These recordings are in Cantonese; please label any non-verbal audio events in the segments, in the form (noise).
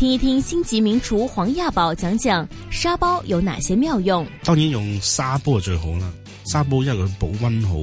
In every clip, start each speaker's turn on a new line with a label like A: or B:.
A: 聽一聽星級名廚黃亞寶講講砂煲有哪些妙用？
B: 當然用砂煲係最好啦，砂煲因為佢保溫好，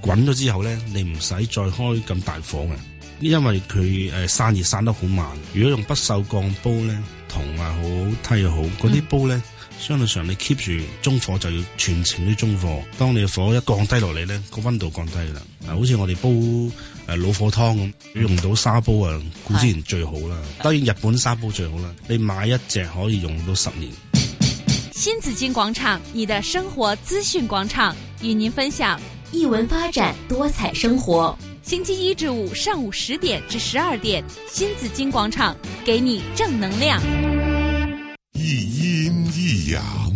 B: 滾咗之後咧，你唔使再開咁大火嘅，因為佢誒、呃、散熱散得好慢。如果用不鏽鋼煲咧，銅又好，鐵又好，嗰啲煲咧相對上你 keep 住中火就要全程都中火。當你嘅火一降低落嚟咧，個溫度降低啦。嗱，好似我哋煲。誒老火湯咁用唔到沙煲啊，固之然最好啦，啊。當然日本沙煲最好啦，你買一隻可以用到十年。
C: 新紫荊廣場，你的生活資訊廣場，與您分享藝
A: 文發展多彩生活。
C: 星期一至五上午十點至十二點，新紫荊廣場給你正能量。一
D: 陰一陽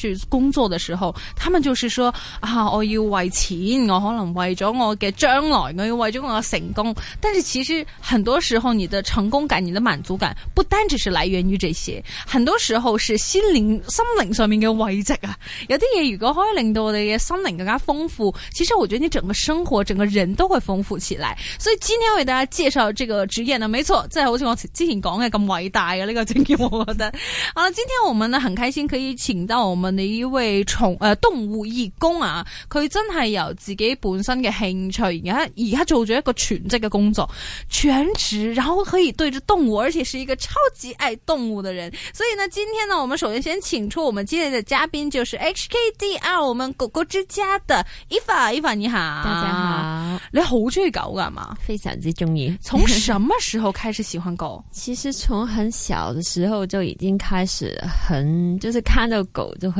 C: 去工作的時候，他們就是說啊，我要為錢，我可能為咗我嘅將來，我要為咗我嘅成功。但是其實很多時候，你的成功感、你的滿足感，不單只是來源於這些，很多時候是心靈、心靈上面嘅慰藉啊。有啲嘢如果可以令到你嘅心靈更加豐富，其實我覺得你整個生活、整個人都會豐富起來。所以今天為大家介紹這個職業呢，沒錯，即係好似我之前講嘅咁偉大嘅呢個職業，我覺得。好啦，今天我們呢很開心可以請到我們。你一位寵、呃、動物義工啊，佢真係有自己本身嘅興趣，而家而家做咗一個全職嘅工作，全職，然後可以對着動物，而且是一個超級愛動物嘅人。所以呢，今天呢，我們首先先請出我們今日嘅嘉賓，就是 HKDR 我們狗狗之家的 EVA，EVA 你好，大家
E: 好，你好中意狗㗎嘛？非常之中意。 (laughs) 從什麼時候開始喜歡狗？其實從很小嘅時候就已經開始很，很就是看到狗就會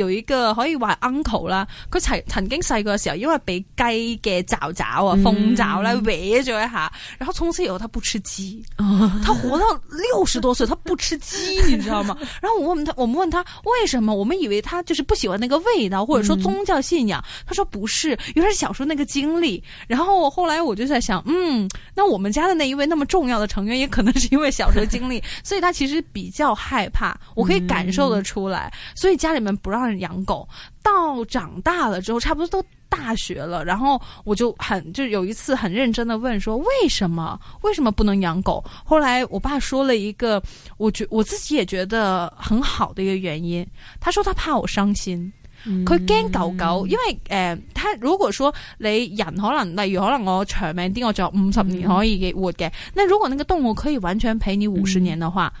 C: 有一個可以話 uncle 啦，佢曾曾經細個嘅時候，因為被雞嘅爪爪啊、鳳爪啦搲咗一下，然後從此以後他不吃雞。哦、他活到六十多歲， (laughs) 他不吃雞，你知道嗎？然後我問他，我們問他為什麼？我們以為他就是不喜歡那個味道，嗯、或者說宗教信仰。他說不是，因為是小時候那個經歷。然後後來我就在想，嗯，那我們家的那一位那麼重要的成員，也可能是因為小時候經歷， (laughs) 所以他其實比較害怕，我可以感受得出來。嗯、所以家裏面不讓。養狗到長大了之後，差不多都大學了，然後我就很就有一次很認真的問說，為什麼為什麼不能養狗？後來我爸說了一個，我覺我自己也覺得很好的一個原因，他說他怕我傷心，佢、嗯、驚狗狗，因為誒、呃，他如果說你養，可能，例如可能我長命啲，我仲有五十年可以活嘅，那、嗯、如果那個動物可以完全陪你五十年的話。嗯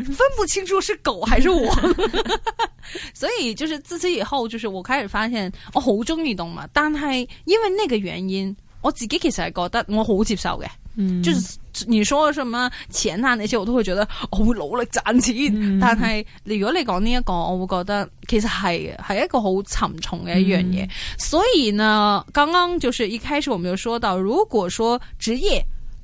C: (laughs) 分不清楚是狗還是我 (laughs) (laughs) 所以就是自此以後，就是我開始發現我好中意動物，但係因為呢個原因，我自己其實係覺得我好接受嘅，嗯，就是、你說什麼錢啊那些，我都會覺得我會努力賺錢。嗯、但係如果你講呢、這、一個，我會覺得其實係係一個好沉重嘅一樣嘢、嗯。所以呢，剛剛就是一開始我們就說到，如果說職業。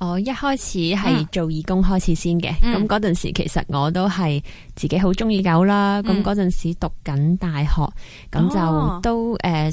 E: 我一開始係做義工開始先嘅，咁嗰陣時其實我都係自己好鍾意狗啦，咁嗰陣時讀緊大學，咁、哦、就都誒。呃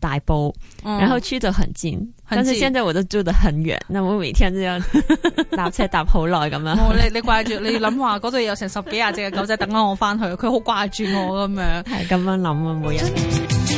E: 大埔，然後住得很近，嗯，但是現在我都住得很遠，那我每天都要搭 (laughs) 車搭好耐咁樣。你
C: 你掛住，你諗話嗰度有成十幾廿隻嘅狗仔等緊我返去，佢好掛住我
E: 咁 (laughs) 這樣，係 (laughs) 咁樣諗啊，每日。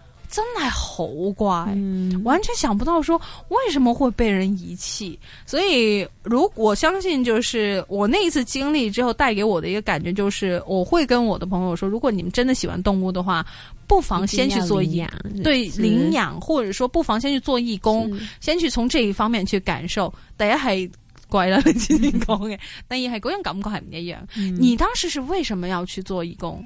C: 真係好乖，完全想不到說為什麼會被人遺棄。嗯、所以，如我相信就是我那一次經歷之後帶給我的一個感覺，就是我會跟我的朋友說，如果你們真的喜歡動物的話，不妨先去做養，對，領養，或者說不妨先去做義工，先去從這一方面去感受。第一係怪了之前講嘅，第二係嗰樣感覺係唔一樣。你當時是為什麼要去做義工？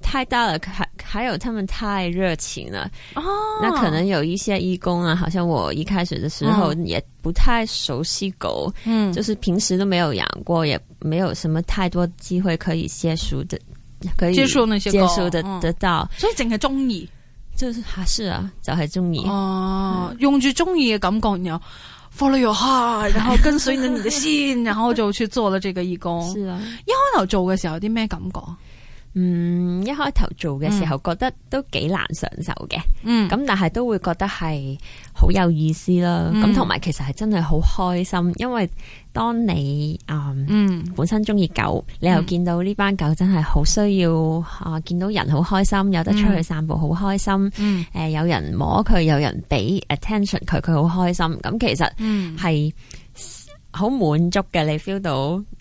E: 太大了，還還有他們太熱情了。哦，那可能有一些義工啊，好像我一開始的時候也不太熟悉狗，嗯，就是平時都沒有養過，也沒有什麼太多機會可以接觸的，可以接觸那些狗接觸的、嗯、得到，
C: 所以淨係中意，就、啊、是是啊，
E: 就係中意哦，
C: 用住中意嘅感覺，然後 follow your heart，然後跟隨你嘅心， (laughs) 然後就去做了
E: 這個義工。是啊，一開頭做嘅時候有啲咩感覺？嗯，一開頭做嘅時候、嗯、覺得都幾難上手嘅，咁、嗯、但係都會覺得係好有意思啦。咁同埋其實係真係好開心，因為當你啊、嗯嗯，本身中意狗，你又見到呢班狗真係好需要啊、呃，見到人好開心，有得出去散步好開心，誒、嗯呃，有人摸佢，有人俾 attention 佢，佢好開心。咁其實係好滿足嘅，你 feel 到。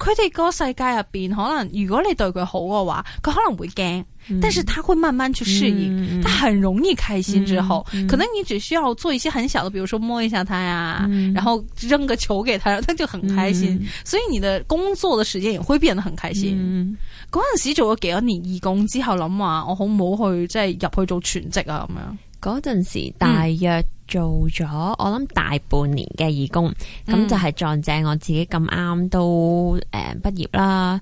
C: 佢哋個世界入邊，可能如果你對佢好嘅話，佢可能會驚，但是他會慢慢去適應，他、嗯嗯嗯、很容易開心。之後、嗯嗯、可能你只需要做一些很小的，比如說摸一下他呀、啊嗯，然後扔個球給他，他就很開心、嗯。所以你的工作的時間也會變得很開心。嗰陣時做咗幾多年義工之後，諗話我好唔好去即係入去做全職啊咁樣。有嗰陣時大
E: 約做咗我諗大半年嘅義工，咁、嗯、就係撞正我自己咁啱都誒畢業啦、嗯。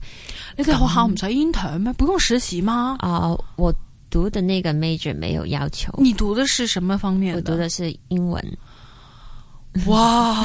E: 你哋學校唔使 intern 咩？不用實習嗎？啊、呃，我讀的那個 major 沒有要求。你讀的是什麼方面？我讀的是英文。
C: 哇！ (laughs)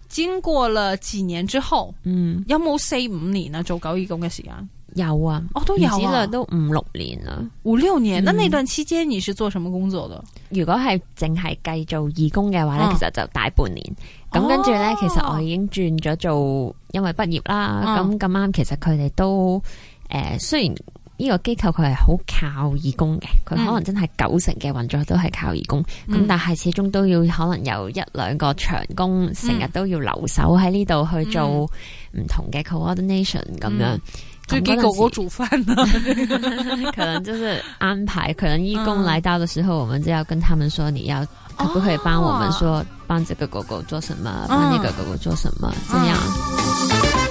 C: 經過了幾年之後，嗯，有冇四五年啊做狗義工嘅時間？
E: 有啊，
C: 我、哦、都有啊，都
E: 五六年啦，五六年。那、嗯、那段期間，你是做什麼工作的？如果係淨係計做義工嘅話咧、嗯，其實就大半年。咁、嗯、跟住呢、哦、其實我已經轉咗做，因為畢業啦。咁咁啱，其實佢哋都誒、呃，雖然。呢、這個機構佢係好靠義工嘅，佢可能真係九成嘅運作都係靠義工。咁、嗯、但係始終都要可能有一兩個長工，成、嗯、日都要留守喺呢度去做唔同嘅 coordination 咁、嗯、樣。即係狗狗
C: 煮翻
F: 啦， (laughs) 可能就
E: 係安排。可能義工來到嘅時候，嗯、我們就要跟他們說，你要可不可以幫我們說，幫、啊、這個狗狗做什麼，幫、嗯、那個狗狗做什麼，這、嗯、樣。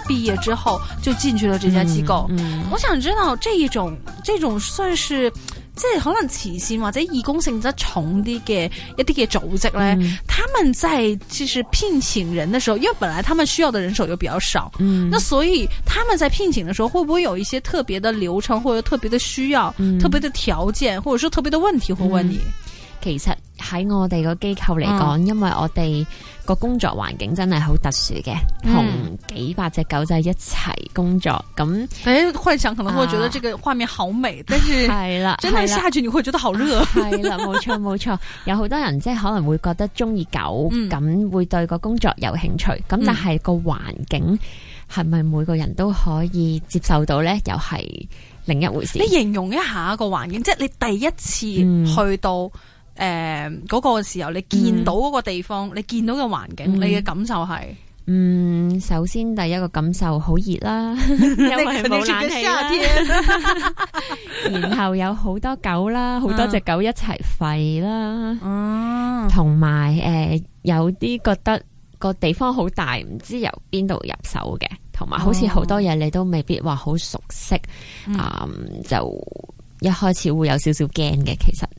C: 畢業之後就進去了這家機構，嗯。嗯，我想知道這一種這一種算是這好像起薪嘛，這義工性質重的嘅一啲嘅組織呢、嗯，他們在其實聘請人的時候，因為本來他們需要的人手又比較少，嗯，那所以他們在聘請的時候，會不會有一些特別的流程，或者特別的需要，嗯、特別的條件，或者說特別的問題會問你？嗯、
E: 可以猜。喺我哋個機構嚟講，嗯，因為我哋個工作環境真係好特殊嘅，同、嗯、幾百隻狗仔一齊工作。咁、嗯、誒，幻想可
C: 能會覺得這個畫面好美，啊、但是係啦，真係夏天你會覺得好熱。係、啊、
E: 啦，冇錯冇錯，有好多人即係可能會覺得中意狗，咁、嗯、會對個工作有興趣。咁、嗯、但係個環境係咪每個人都可以接受到呢？又係另一回事。你形
C: 容一下個環境，即、就、係、是、你第一次去到，嗯。誒、嗯，嗰、嗰個時候你見到嗰個地方，嗯、你見到嘅環境，嗯嗯你嘅感受係，嗯，
E: 首先第一個感受好熱啦， (laughs) (laughs) 因為冇冷氣啦，
F: 然
E: 後有好多狗啦，好多隻狗一齊吠啦，同埋誒，有啲覺得嗰個地方好大，唔知由邊度入手嘅，同埋好似好多嘢你都未必話好熟悉、嗯嗯，就一開始會有少少驚嘅，其實。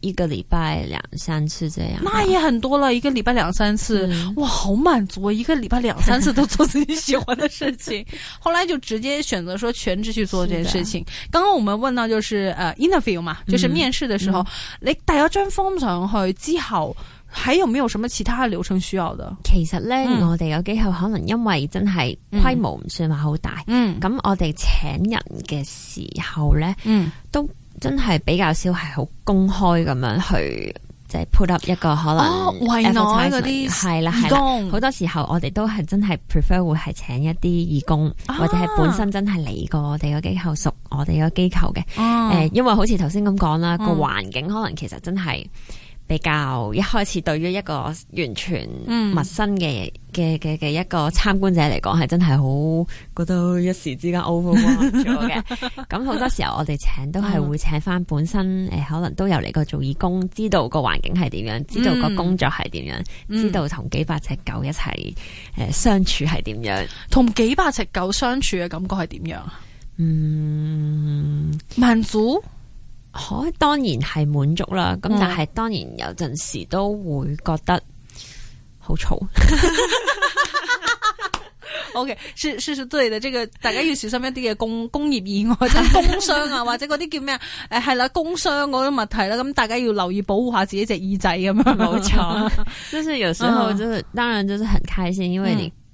E: 一個禮拜兩三次這樣，那也
C: 很多了一個禮拜兩三次、嗯，哇，好滿足！一個禮拜兩三次都做自己喜歡的事情。 (laughs) 後來就直接選擇說全職去做這件事情。剛剛我們問到就是，呃、uh,，interview 嘛、嗯，就是面試的時候，嗯嗯、你打完 form 上去之後，還
E: 有沒有什麼其他的流程需要的？其實呢，嗯、我哋嘅機構可能因為真係規模唔算話好大，嗯，咁、嗯、我哋請人嘅時候呢。嗯，都。真係比較少，係好公開咁樣去，即係 put up 一個可能、oh,。哦，維乃嗰啲係啦，係啦，好多時候我哋都係真係 prefer 會係請一啲義工，啊、或者係本身真係嚟過我哋個機構，熟我哋個機構嘅。誒、嗯，因為好似頭先咁講啦，個環境可能其實真係。比較一開始對於一個完全陌生嘅嘅嘅嘅一個參觀者嚟講，係真係好覺得一時之間 overwhelmed 咗嘅。咁 (laughs) 好多時候我哋請都係會請返本身誒、嗯，可能都有嚟過做義工，知道個環境係點樣，知道個工作係點樣，嗯，知道同幾百隻狗一齊誒、呃、相處係點樣，同幾百隻狗相處嘅感覺係點樣啊？嗯，滿足。可當然係滿足啦，咁但係當然有陣時都會覺得好嘈。
C: O K，說說說都係個大家要小心一啲嘅工工業意外，即、就、係、是、工傷啊， (laughs) 或者嗰啲叫咩啊？
E: 誒、欸，係啦，工傷嗰啲問題啦，咁大家要留意保護下自己隻耳仔咁樣，冇錯。即係有時候、哦，就是當然，就是很開心，嗯、因為你。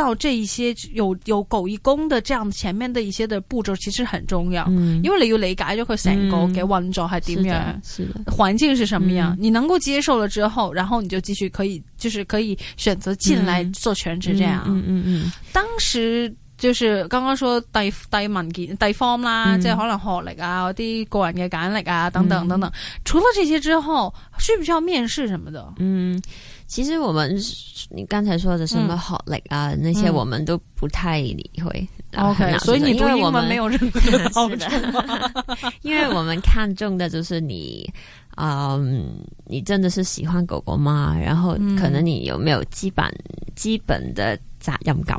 C: 到這一些有有狗義工的這樣前面的一些的步驟其實很重要，嗯、因為你要理解咗佢成個嘅運作係點樣，環境是什麼樣、嗯，你能夠接受了之後，然後你就繼續可以就是可以選擇進來做全職這樣。嗯嗯嗯，嗯，嗯，當時。就是剛剛說遞遞文件遞 form 啦，嗯、即係可能學歷啊嗰啲個人嘅簡歷啊等等等等、嗯。除了這些之後，需唔需要面試什麼的？嗯，
E: 其實我們你剛才說的什麼學歷啊、嗯、那些，我們都不太理會。嗯啊啊、o、okay, K，所以你對我們沒有任何的標準， (laughs) 因為我們看重的就是你，嗯、呃，你真的是喜歡狗狗嘛？然後可能你有沒有基本、嗯、基本的責任感？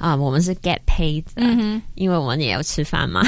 E: 啊，我們是 get paid，的、嗯、哼，因為我們也要吃飯嘛。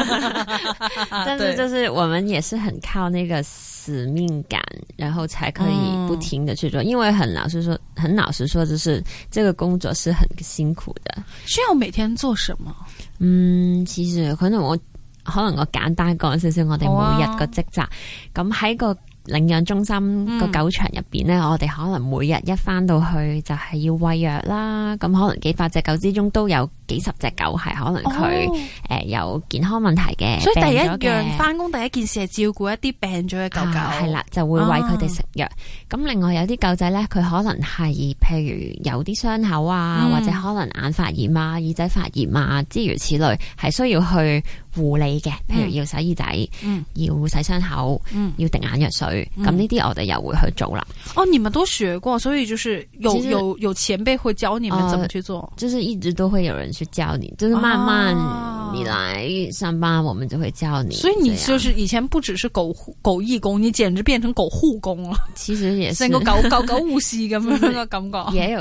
F: (laughs) (laughs) 但是就
E: 是我們也是很靠那個使命感，然後才可以不停的去做、嗯。因為很老實說，很老實說，就是這個工作是很辛苦的。需要每
C: 天做什麼？嗯，
E: 其實可能我可能我簡單講少少，我哋每日嘅職責。咁喺個，領養中心個狗場入邊咧，我哋可能每日一返到去就係要餵藥啦。咁可能幾百隻狗之中都有幾十隻狗係可能佢誒、哦呃、有健康問題嘅，所以第一樣返工第一件事係照顧一啲病咗嘅狗狗，係、啊、啦，就會餵佢哋食藥。咁、啊、另外有啲狗仔咧，佢可能係譬如有啲傷口啊、嗯，或者可能眼發炎啊、耳仔發炎啊，諸如此類，係需要去。護理嘅，譬如要洗耳仔，嗯，要洗傷口，嗯，要滴眼藥水，咁呢啲我哋又會去做啦。
C: 哦，你們都學過，所以就是有有有前輩會教你們怎麼
E: 去做，呃、就是一直都會有人去教你，就是慢慢你來上班、啊，我們就會教你。所以你就是以前不只是狗狗義工，你簡直變成狗護工了。其實也是。個搞，搞搞狗呼吸咁樣嘅感覺。 (laughs) 也有。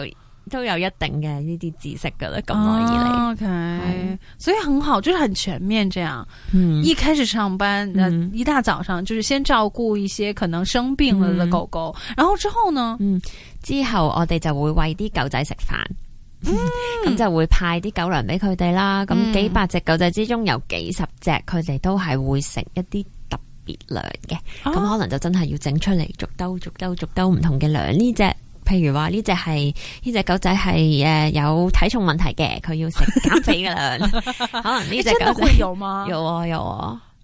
E: 都有一定嘅呢啲知識噶啦，咁耐以嚟，啊 okay. 嗯，所以很好，就是很全面。這樣，
C: 嗯，一開始上班，嗯，一大早上，就是先照顧一些可能生病
F: 了嘅狗
E: 狗，嗯，然後之後呢，嗯，之後我哋就會餵啲狗仔食飯，咁，嗯 (laughs) 嗯，就會派啲狗糧俾佢哋啦。咁幾百隻狗仔之中，有幾十隻佢哋都係會食一啲特別糧嘅，咁，啊，可能就真係要整出嚟，啊，逐兜逐兜逐兜唔同嘅糧呢隻。譬如話呢隻係呢隻狗仔係誒有體重問題嘅，佢要食減肥㗎喇， (laughs) 可能呢隻狗仔會有嗎？有啊有啊。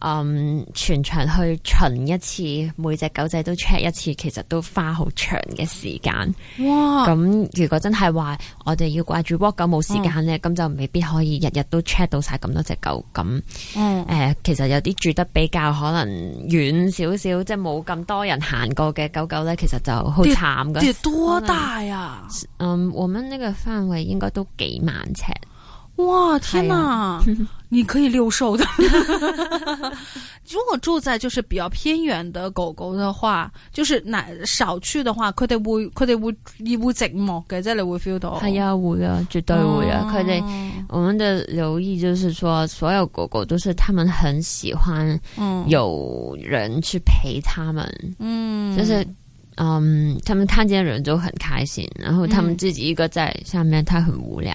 E: 嗯，全場去巡一次，每隻狗仔都 check 一次，其實都花好長嘅時間。
F: 哇！咁
E: 如果真係話，我哋要掛住 walk 狗冇時間咧，咁就未必可以日日都 check 到晒咁多隻狗。咁誒、嗯呃，其實有啲住得比較可能遠少少，即係冇咁多人行過嘅狗狗咧，其實就好慘噶。多大呀、啊？嗯，我們呢個範圍應該都幾萬尺。哇天哪，啊哎，你可以遛瘦的。
C: (laughs) (laughs) 如果住在就是比較偏遠的狗狗的話，就是那少去的話，佢哋會佢哋會會會寂寞嘅，即係會 feel 到。係
E: 啊，會啊，絕對會啊。佢、嗯、哋，可我們的留意就是說，所有狗狗都是他們很喜歡有人去陪他們。嗯，就是嗯，他們看見人就很開心，然後他們自己一個在下面，他很無聊。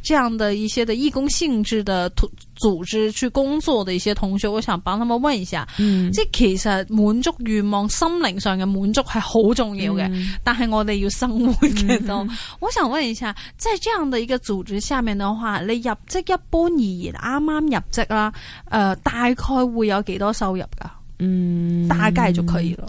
C: 這樣的一些的義工性質的組織去工作的一些同學，我想幫他們問一下，嗯，其實滿足願望、心靈上嘅滿足係好重要嘅、嗯，但係我哋要生活嘅、嗯、我想問一下，在、就是、這樣的一個組織下面的話，你入職一般而言啱啱入職啦，誒、呃，大概會有幾多
E: 收入噶？嗯，大概就可以了。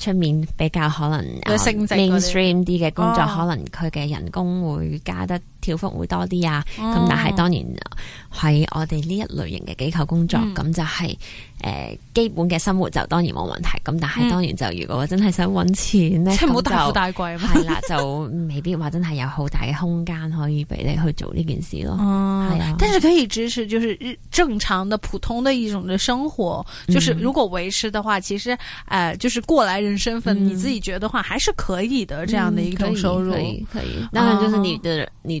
E: 出面比較可能 mainstream 啲嘅工作，可能佢嘅人工會加得。調幅會多啲啊！咁、嗯、但係當然喺我哋呢一類型嘅機構工作，咁、嗯、就係、是、誒、呃、基本嘅生活就當然冇問題。咁、嗯、但係當然就如果真係想搵錢呢，即係唔好大富大貴。係啦、啊，就未必話真係有好大嘅空間可以俾你去做呢件事咯。哦、嗯，係啊，但
C: 係可以支持，就係日正常嘅普通嘅一種嘅生活，就係如果維持嘅話、嗯，其實誒、呃、就係過來人身份，嗯、你自己覺得話，還是可以嘅。這樣嘅一種收入，嗯、可以，
E: 當然、嗯、就係你嘅、嗯、你。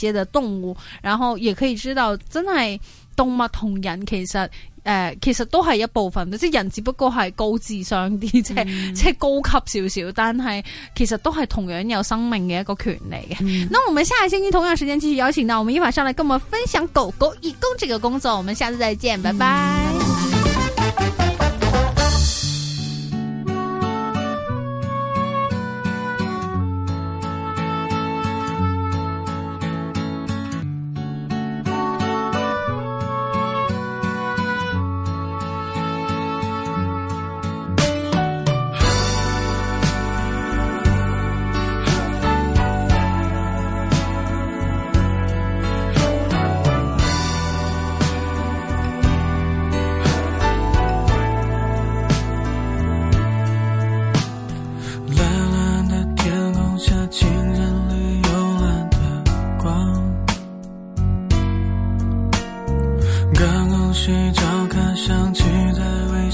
C: 啲動物，然後也可以知道，真係動物同人其實誒、呃，其實都係一部分，即係人只不過係高智商啲，即係即係高級少少，但係其實都係同樣有生命嘅一個權利嘅、嗯。咁我們下個星期同樣時間繼續有請到我們一晚上來跟我們分享狗狗義工這個工作，我們下次再見，拜拜。拜拜